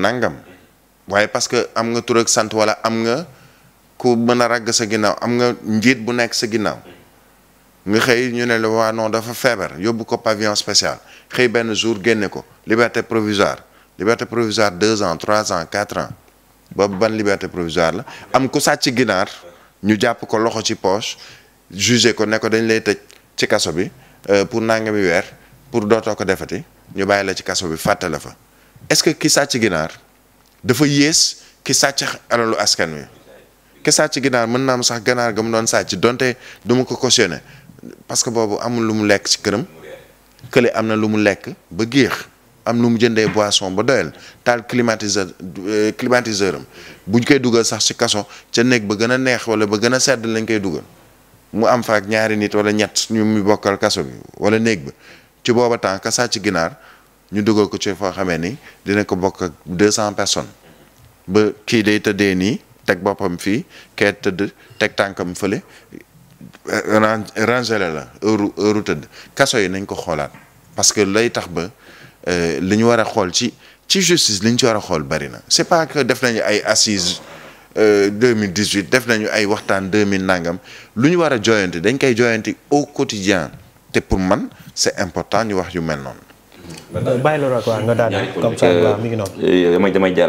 nangam waaye parce que am nga tur sant wala am nga ku mën a ragg sa ginnaaw am nga njiit bu nekk sa ginnaaw nga xëy ñu ne la waa non dafa feebar yóbbu ko pavillon spécial xëy benn jour génne ko liberté provisoire liberté provisoire deux ans trois ans quatre ans boobu ban liberté provisoire la am ku sàcc ginaar ñu jàpp ko loxo ci poche jugé ko ne ko dañ lay tëj ci kaso bi euh, pour nangami weer pour dootoo ko defati ñu bàyyi la ci kaso bi fàttale fa. est-ce que ki sàcc ginaar dafa yées ki sàcc alalu askan wi ki sàcc ginaar mën na am sax ganaar ga mu doon sàcc donte du ma ko cautionné parce que boobu amul lu mu lekk ci këram kële am na lu mu lekk ba géex am lu mu jëndee boison ba doyal taal climatiseur euh, climatiseur am buñ koy dugal sax ci kaso ca néeg ba gën a neex wala ba gën a sedd lañ koy dugal mu am fa ak ñaari nit wala ñett ñu mu bokkal kaso bi wala néeg ba ci booba temps ka sàcc ginaar ñu dugal ko ci foo xamee ni dina ko bokk ak deux cent personnes ba kii day tëddee nii teg boppam fii kee tëdd teg tànkam fële rangé la heure heure tëdd kaso yi nañ ko xoolaat parce que lay tax ba euh, li ñu war a xool ci ci justice li ñu ci war a xool bari na c'est pas que def nañu ay assises 2018 euh, def nañu ay waxtaan 2000 nangam lu ñu war a jooyanti dañ koy jooyanti au quotidien te pour man c'est important ñu wax yu mel noonu. bàyyi la rek waaw nga daal comme ça waaw mi ngi noonu. damay damay jàll.